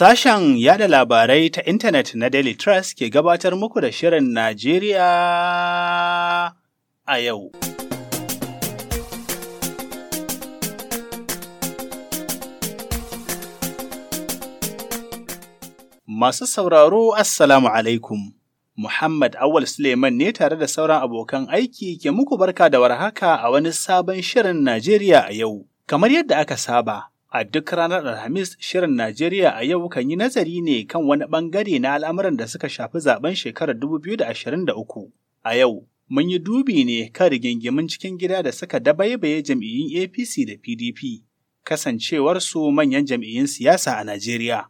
Sashen yada labarai ta intanet na Daily Trust ke gabatar muku da Shirin Najeriya a yau. Masu sauraro Assalamu alaikum. Muhammad Awal Suleiman ne tare da sauran abokan aiki ke muku barka da warhaka a wani sabon Shirin Najeriya a yau. Kamar yadda aka saba, A duk ranar Alhamis, Shirin Najeriya a yau kan yi nazari ne kan wani ɓangare na al'amuran da suka shafi zaben shekarar 2023. A yau, mun yi dubi ne kan rigingimin cikin gida da suka dabaibaye jam'iyyun APC da PDP, kasancewarsu manyan jam'iyyun siyasa a Najeriya.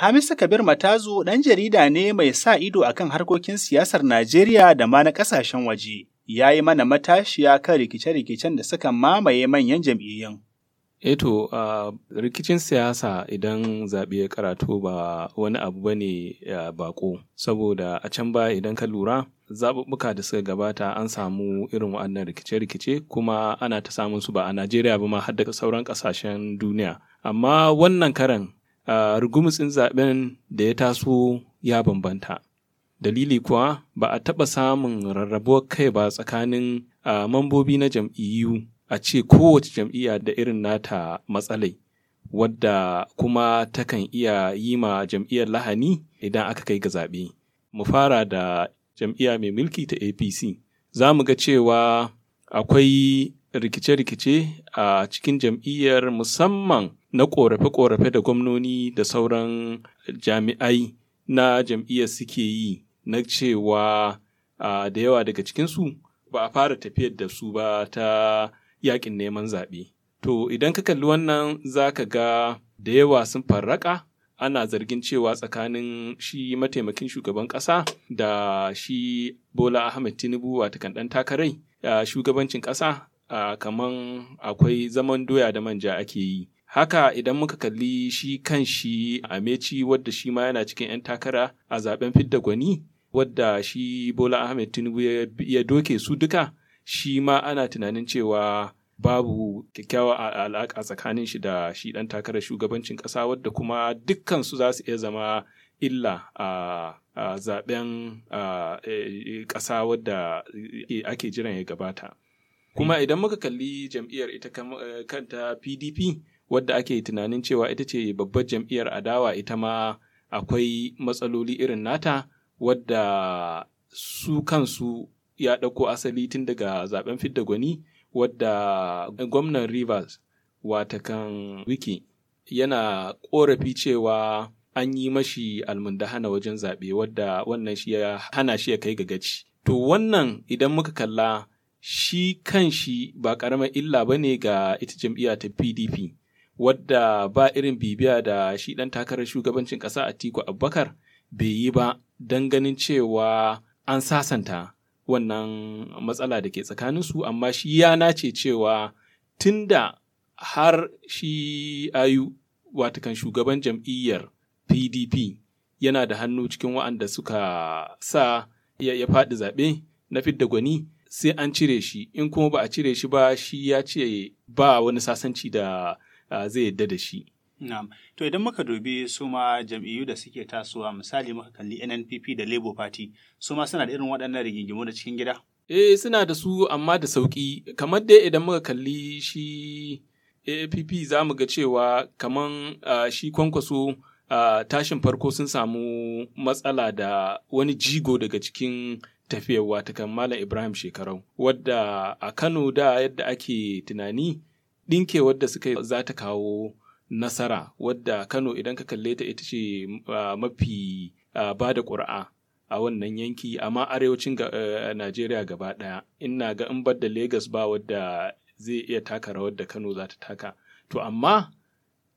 Hamisu Kabir Matazu ɗan jarida ne mai sa ido akan harkokin siyasar Najeriya da ma na ƙasashen waje. Ya yi mana matashiya kan rikice-rikicen da suka mamaye manyan jam'iyyun. Eto, eh rikicin siyasa idan zaɓe ya karatu ba wani abu ba ne bako, saboda a can ba idan ka lura zaɓuɓɓuka da suka gabata an samu irin waɗannan rikice-rikice kuma ana ta samun su ba a Najeriya ba ma har da sauran ƙasashen duniya. Amma wannan karan rugumitsin zaɓen da ya taso ya bambanta. Dalili kuwa ba a taɓa samun rarrabuwar kai ba tsakanin mambobi na jam'iyyu a ce kowace jam'iyya da irin nata matsalai, wadda kuma takan iya yi ma jam'iyyar lahani idan aka kai ga zaɓe. Mu fara da jam'iyya mai mulki ta APC. Za mu ga cewa akwai rikice-rikice a cikin jam'iyyar musamman na ƙorafe-ƙorafe da gwamnoni da sauran jami'ai na jam'iyyar suke yi na cewa da yawa daga cikinsu ba a fara tafiyar da su ba ta yakin neman zaɓe. To idan ka kalli wannan za ka ga da yawa sun farraka ana zargin cewa tsakanin shi mataimakin shugaban ƙasa da shi Bola Ahmed Tinubu kan ɗan takarai shugabancin ƙasa uh, kaman akwai zaman doya da manja ake yi. Haka idan muka kalli shi kan shi Ameci wadda shi ma yana cikin 'yan takara a zaben fidda gwani wadda shi Bola Ahmed Tinubu ya doke su duka shi ma ana tunanin cewa babu kyakkyawa alaƙa tsakanin shi da shi ɗan takarar shugabancin ƙasa wadda kuma dukkan su za su iya zama illa a zaben e, ƙasa wadda ake jiran ya gabata. kuma idan muka kalli jam'iyyar ita eh, kanta pdp wadda ake tunanin cewa ita ce babbar jam'iyyar adawa ita ma akwai matsaloli irin nata wadda su kansu ya ɗauko asali tun daga zaben fidda gwani wadda gwamnan rivers watakan wiki yana korafi cewa an yi mashi almundahana wajen zaɓe wadda wannan shi ya hana shi ya kai ga gaci to wannan idan muka kalla shi kan shi ba ƙaramar illa ba ne ga ita jam'iyya ta PDP, wadda ba irin bibiya da shi ɗan takarar shugabancin ƙasa a Atiku Abubakar bai yi ba don ganin cewa an sasanta wannan matsala da ke tsakaninsu, amma shi ya nace cewa tunda har shi ayu watakan shugaban jam'iyyar PDP yana da hannu cikin wa'anda suka sa ya faɗi zaɓe na fidda gwani. sai an cire shi in kuma ba a cire shi ba shi ya ce ba wani sasanci da zai yadda da shi. Na'am. To idan muka dubi su ma jam'iyyu da suke tasowa misali muka kalli NNPP da Labour Party su ma suna da irin waɗannan rigingimu da cikin gida? Eh suna da su amma da sauƙi kamar dai idan muka kalli shi APP za mu ga cewa kamar shi kwankwaso tashin farko sun samu matsala da wani jigo daga cikin tafiyar watakan Malam Ibrahim shekarau wadda a Kano da yadda ake tunani ɗinke wadda suka za ta kawo nasara wadda Kano idan ka kalle ta ita ce mafi ba da ƙuri'a a wannan yanki amma arewacin Najeriya gaba ɗaya ina ga in bar da Legas ba wadda zai iya taka rawar da Kano za ta taka to amma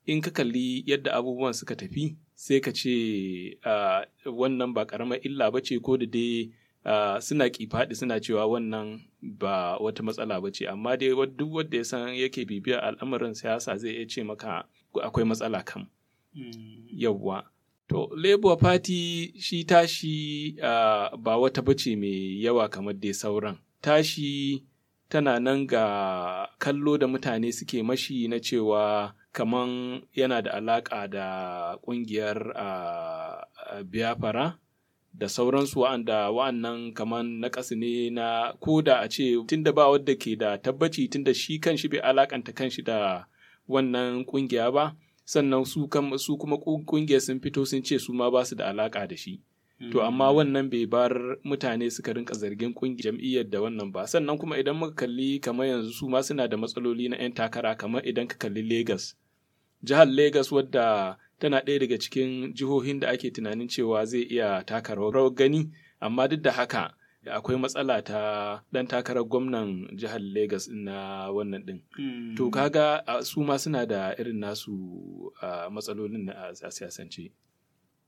in ka kalli yadda abubuwan suka tafi sai ka ce wannan ba ƙaramar illa ba ce ko da dai Ah, suna kifaɗi suna cewa wannan ba wata matsala ba ce amma dai duk wanda ya san yake bibiyar al'amarin siyasa zai iya ce maka akwai matsala kam hmm. yawwa to labour party shi tashi ah, ba wata bace mai yawa kamar dai sauran tashi tana nan ga kallo da mutane suke mashi na cewa kaman yana da alaƙa da ƙungiyar uh, da sauransu wa'anda wa'annan kaman nakasu ne na ko da a ce tunda ba wadda ke da tabbaci tunda shi kan shi bai alakanta kan shi da wannan kungiya ba sannan su kuma kungiyar sun fito sun ce su ma ba su da alaka da shi to amma mm. wannan bai bar mutane suka rinka zargin kungiyar jam'iyyar da wannan ba sannan kuma idan muka kalli kamar yanzu su ma suna da matsaloli na 'yan takara kamar idan ka kalli Legas jihar Legas wadda tana ɗaya daga cikin jihohin da ake tunanin cewa zai iya taka rawar gani amma duk da haka akwai matsala ta ɗan takarar gwamnan jihar Legas na wannan ɗin. Hmm. To kaga su ma suna da irin nasu uh, matsalolin a siyasance.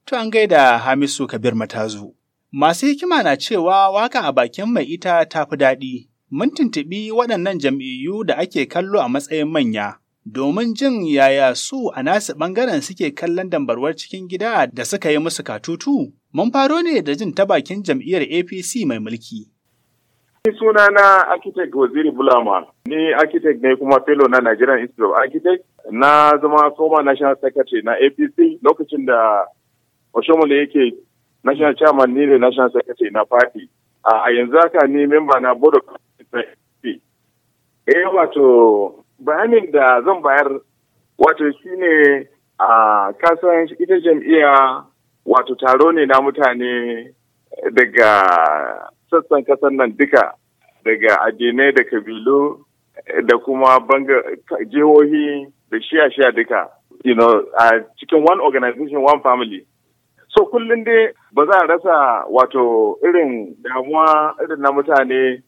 To an gaida Hamisu Kabir Matazu. Masu hikima na cewa waka a bakin mai ita tafi daɗi. Mun tuntuɓi waɗannan jam'iyyu da ake kallo a matsayin manya. domin jin yaya su a nasu ɓangaren suke kallon dambarwar cikin gida da suka yi musu katutu, mun faro ne da jin tabakin jam'iyyar APC mai mulki. Ni suna na architect waziri bulama ni architect ne kuma fellow na nigerian institute of architect na zama former national secretary na apc lokacin da oshomole yake national chairman ni ne national secretary na party a yanzu haka ni member na board of na apc eh wato bayanin da zan bayar wato shi ne a kasan ita jam'iyya wato taro ne na mutane daga sassan kasar nan duka daga addinai da kabilu da kuma banga jihohi da shiya-shiya duka you know a cikin one organization one family so kullum dai ba za a rasa wato irin damuwa irin na mutane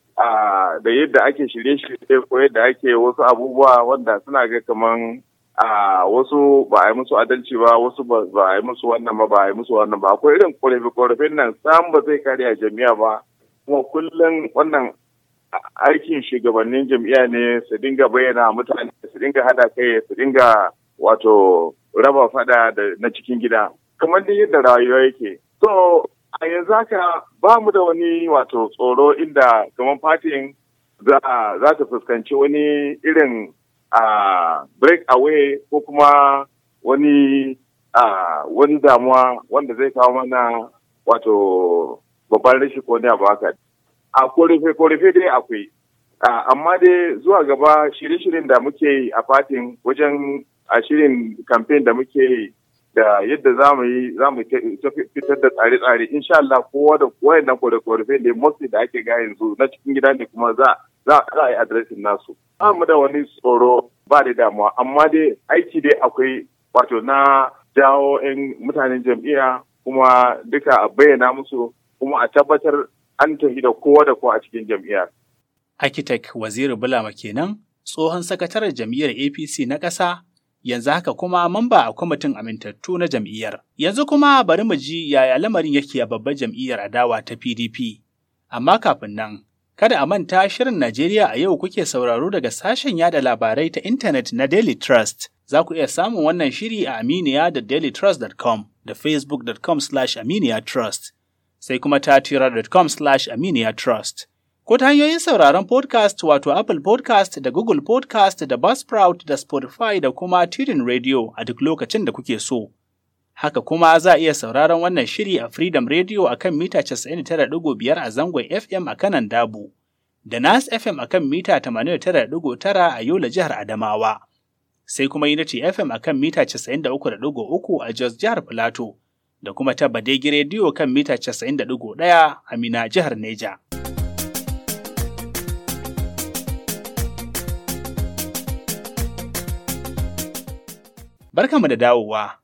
da yadda ake shirye-shirye ko yadda ake wasu abubuwa wanda suna ga kamar wasu ba a yi musu adalci ba wasu ba a yi musu wannan ba ba a yi musu wannan ba akwai irin korafe-korafen nan sam ba zai kare a jami'a ba kuma kullum wannan aikin shugabannin jami'a ne su dinga bayyana mutane su dinga hada kai su dinga wato raba fada na cikin gida kamar da yadda rayuwa yake so a yanzu haka ba mu da wani wato tsoro inda kamar fatin za ta fuskanci wani irin break away ko kuma wani wani damuwa wanda zai kawo mana wato babban rashi ko ne abu a korefe korefe dai akwai amma dai zuwa gaba shirye-shiryen da muke a fatin wajen a shirin kamfen da muke da yadda za mu yi za mu fitar da tsare-tsare insha Allah kowa da wayannan korafe ne mostly da ake ga yanzu na cikin gida ne kuma za a yi addressing nasu ba mu da wani tsoro ba da damuwa amma dai aiki dai akwai wato na jawo 'yan mutanen jam'iyya kuma duka a bayyana musu kuma a tabbatar an tafi da kowa da kowa a cikin jam'iyyar. Architect Waziri Bulama kenan tsohon sakataren jam'iyyar APC na ƙasa yanzu haka kuma mamba a kwamitin amintattu na jam'iyyar. Yanzu kuma bari mu ji yaya lamarin yake a babbar jam'iyyar adawa ta PDP. Amma kafin nan, kada a manta shirin Najeriya a yau kuke sauraro daga sashen yada labarai ta intanet na Daily Trust. Za ku iya samun wannan shiri a Aminiya da dailytrust.com da facebook.com aminiyatrust sai kuma tatiracom slash trust. ko ta hanyoyin sauraron podcast wato Apple podcast da Google podcast da Buzzsprout da Spotify da kuma Tidin Radio a duk lokacin da kuke so. Haka kuma za a iya sauraron wannan shiri a Freedom Radio a kan mita 99.5 a zangon FM a kanan Dabu, da Nas FM a kan mita 89.9 a Yola jihar Adamawa, sai kuma Unity FM a kan mita 93.3 a Jos jihar Plateau, da kuma ta Badegi Radio kan mita 91 a Mina jihar Neja. Barkamu da dawowa.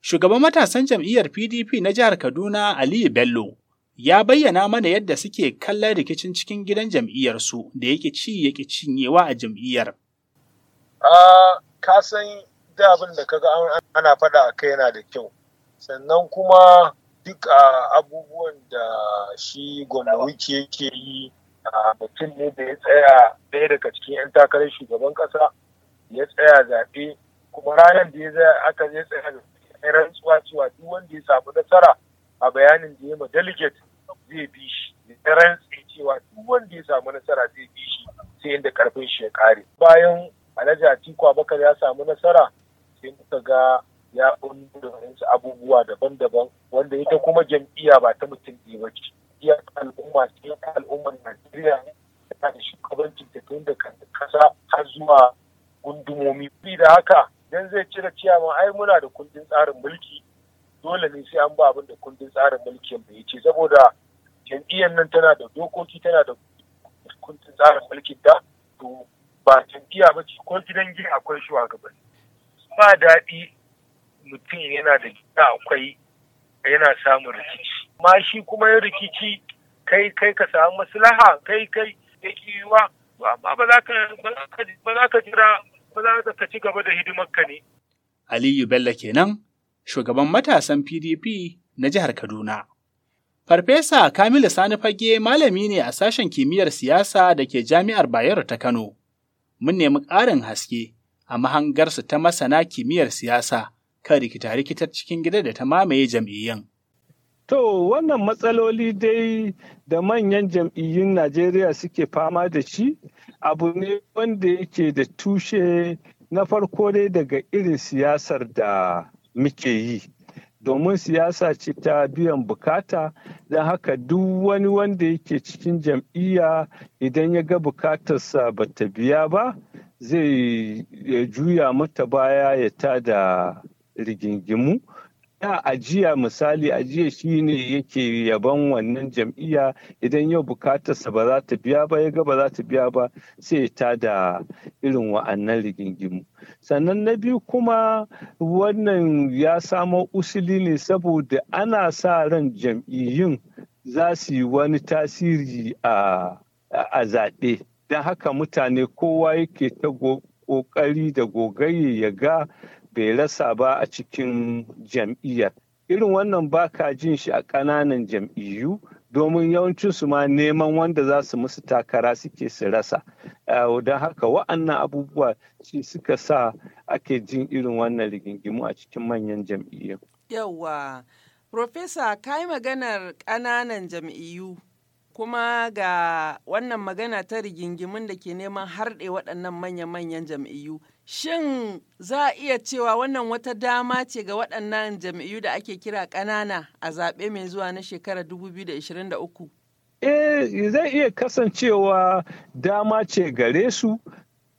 Shugaban matasan jam'iyyar PDP na jihar Kaduna Aliyu Bello ya bayyana mana yadda suke kallon rikicin cikin gidan jam'iyyarsu da yake ci yake cinyewa a jam'iyyar. a ka san da abin da kaga ana faɗa a kai yana da kyau. Sannan kuma duk abubuwan da shi gwamnati yake yi a mutum ne da ya tsaya ɗaya daga cikin 'yan takarar shugaban ƙasa ya tsaya zaɓe kuma ranar da ya zai aka zai tsaya da rantsuwa cewa duk wanda ya samu nasara a bayanin da ya ma delegate zai bi shi da tsaye cewa duk wanda ya samu nasara zai bi shi sai inda karfin shi ya kare bayan alhaji atiku abakar ya samu nasara sai muka ga ya ɓullo da wasu abubuwa daban-daban wanda ita kuma jam'iyya ba ta mutum ɗaya ba ce ya al'umma ce ta al'ummar najeriya ta da shugabancin ta da kasa har zuwa gundumomi bi da haka ciyaman ai muna da kundin tsarin mulki dole ne sai an ba abin da kundin tsarin mulki bai ce saboda jam'iyyar nan tana da dokoki tana da kundin tsarin mulki, da to ba jam'iyya ba ce ko gidan gida akwai gaba ba daɗi mutum yana da gida akwai yana samun rikici ma shi kuma yin rikici kai kai ka samu maslaha kai kai ya yiwuwa amma ba za ka jira ba za ka ci gaba da hidimar ka ne Aliyu Bello kenan, shugaban matasan PDP na jihar Kaduna. Farfesa Kamilu Sani Fage malami ne a sashen kimiyyar siyasa da ke Jami'ar Bayero ta Kano. Mun nemi ƙarin haske a mahangarsu ta masana kimiyyar siyasa kan rikita-rikitar cikin gida da ta mamaye jam'iyyun. To wannan matsaloli dai da manyan jam'iyyun Najeriya suke fama da shi abu ne wanda yake da tushe na farko dai daga irin siyasar da muke yi domin siyasa ce ta biyan bukata don haka duk wani wanda yake cikin jam'iyya idan ya ga bukatarsa ba ta biya ba zai juya mata baya ya tada rigingimu ya ajiya misali ajiya shine yake yaban wannan jam'iyya idan yau bukatarsa ba za ta biya ba ya ga ba za ta biya ba sai ta da irin wa'annan rigingimu sannan na biyu kuma wannan ya samo usuli ne saboda ana sa ran jam'iyyun za su yi wani tasiri a zaɓe don haka mutane kowa yake ta ƙoƙari da gogaye ya ga bai rasa ba a cikin jam'iyyar irin wannan ba ka jin shi a ƙananan jam'iyyu domin yawancinsu ma neman wanda za su musu takara suke su rasa don haka wa'annan abubuwa ce suka sa ake jin irin wannan rigingimu a cikin manyan jam'iyyu yawa profesa ka yi maganar ƙananan jam'iyyu kuma ga wannan magana ta rigingimun da ke neman harɗe waɗannan manya-manyan jam'iyyu Shin za a iya cewa wannan wata dama ce ga waɗannan jam'iyyu da ake kira ƙanana a zaɓe mai zuwa na shekarar 2023? Eh, zai iya kasancewa dama ce gare su,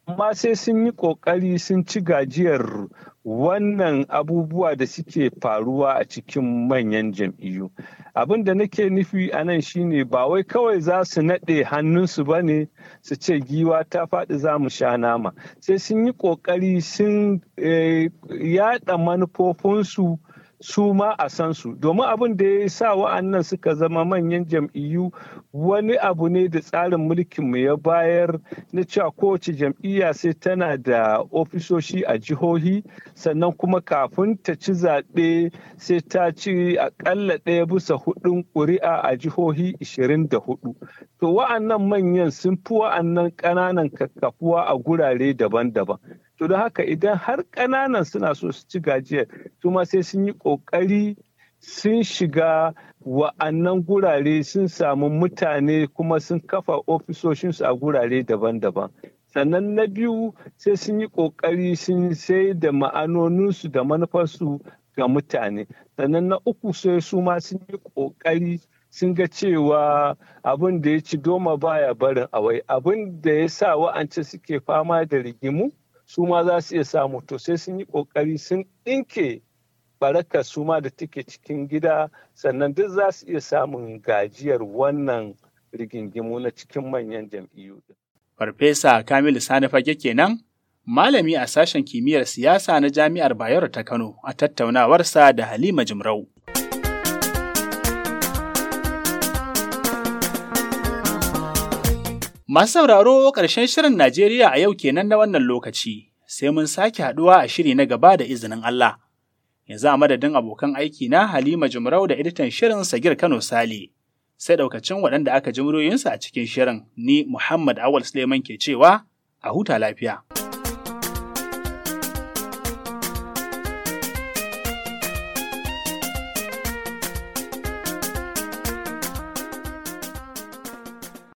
amma sai sun yi ƙoƙari sun ci gajiyar wannan abubuwa da suke faruwa a cikin manyan jam'iyyu abin da nake nufi a nan shine ba wai kawai za su naɗe hannunsu ba ne su ce giwa ta faɗi za mu sha nama sai sun yi ƙoƙari sun eh, yaɗa manufofinsu su ma a san su domin abin da ya sa wa'annan suka zama manyan jam'iyyu wani abu ne da tsarin mulkin mu ya bayar na cewa kowace jam'iyya sai tana da ofisoshi a jihohi sannan kuma kafin ta ci zaɓe sai ta ci aƙalla ɗaya bisa hudun ƙuri'a a jihohi 24 to wa'annan manyan sun fi wa'annan ƙananan kakkafuwa a gurare daban-daban to don haka idan har ƙananan suna so su ci gajiyar su ma sai sun yi ƙoƙari sun shiga wa'annan gurare sun samu mutane kuma sun kafa ofisoshinsu a gurare daban-daban sannan na biyu sai sun yi ƙoƙari sun sai da ma'anoninsu da manufarsu ga mutane sannan na uku sai su ma sun yi ƙoƙari sun ga cewa abin da ya ci doma baya barin awai abin da ya sa wa'ance suke fama da rigimu su ma za su iya samu to sai sun yi kokari sun ɗinke barakar su ma da take cikin gida sannan duk za su iya samun gajiyar wannan rigingimu na cikin manyan jam'iyyu. Farfesa Kamilu Sani Fage kenan malami a sashen kimiyyar siyasa na Jami'ar Bayero ta Kano a tattaunawarsa da Halima Jimrau. Masu sauraro ƙarshen shirin Najeriya a yau kenan na wannan lokaci, sai mun sake haɗuwa a shiri na gaba da izinin Allah. Yanzu a madadin abokan aiki na Halima Jumrau da editan shirin Sagir Kano sali sai ɗaukacin waɗanda aka ji muryoyinsu a cikin shirin ni Muhammad Awal Suleiman ke cewa a huta lafiya.